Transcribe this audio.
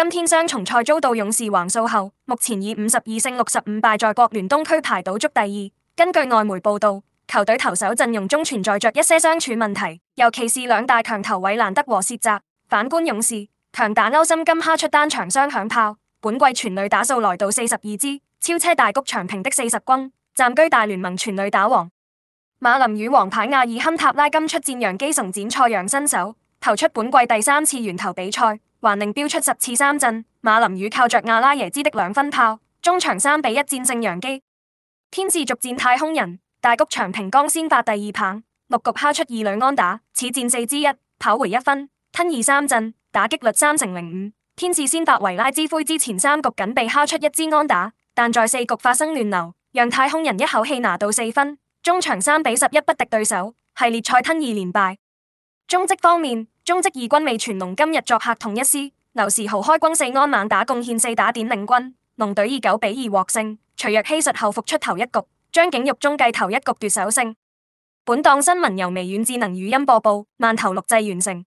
今天雙重賽遭到勇士橫掃後，目前以五十二勝六十五敗在國聯東區排倒數第二。根據外媒報道，球隊投手陣容中存在着一些傷處問題，尤其是兩大強投韋蘭德和薛澤。反觀勇士，強打歐森今哈出單場雙響炮，本季全壘打數來到四十二支，超車大谷翔平的四十轟，暫居大聯盟全壘打王。馬林魚王牌亞爾坎塔拉今出戰洋基，曾展賽揚新手投出本季第三次完投比賽。還能飆出十次三振，馬林魚靠着亞拉耶茲的兩分炮，終場三比一戰勝洋基。天使續戰太空人，大谷翔平先發第二棒，六局敲出二壘安打，此戰四支一跑回一分，吞二三振，打擊率三成零五。天使先發維拉茲奎茲前三局僅被敲出一支安打，但在四局發生亂流，讓太空人一口氣拿到四分，終場三比十一不敵對手，系列賽吞二連敗。中職方面。中職二軍味全龍今日作客統一獅，劉時豪開轟四安猛打貢獻四打點領軍，龍隊以九比二獲勝。徐若熙術後復出頭一局，張景玉中繼頭一局奪首勝。本檔新聞由微軟智能語音播報，慢頭錄製完成。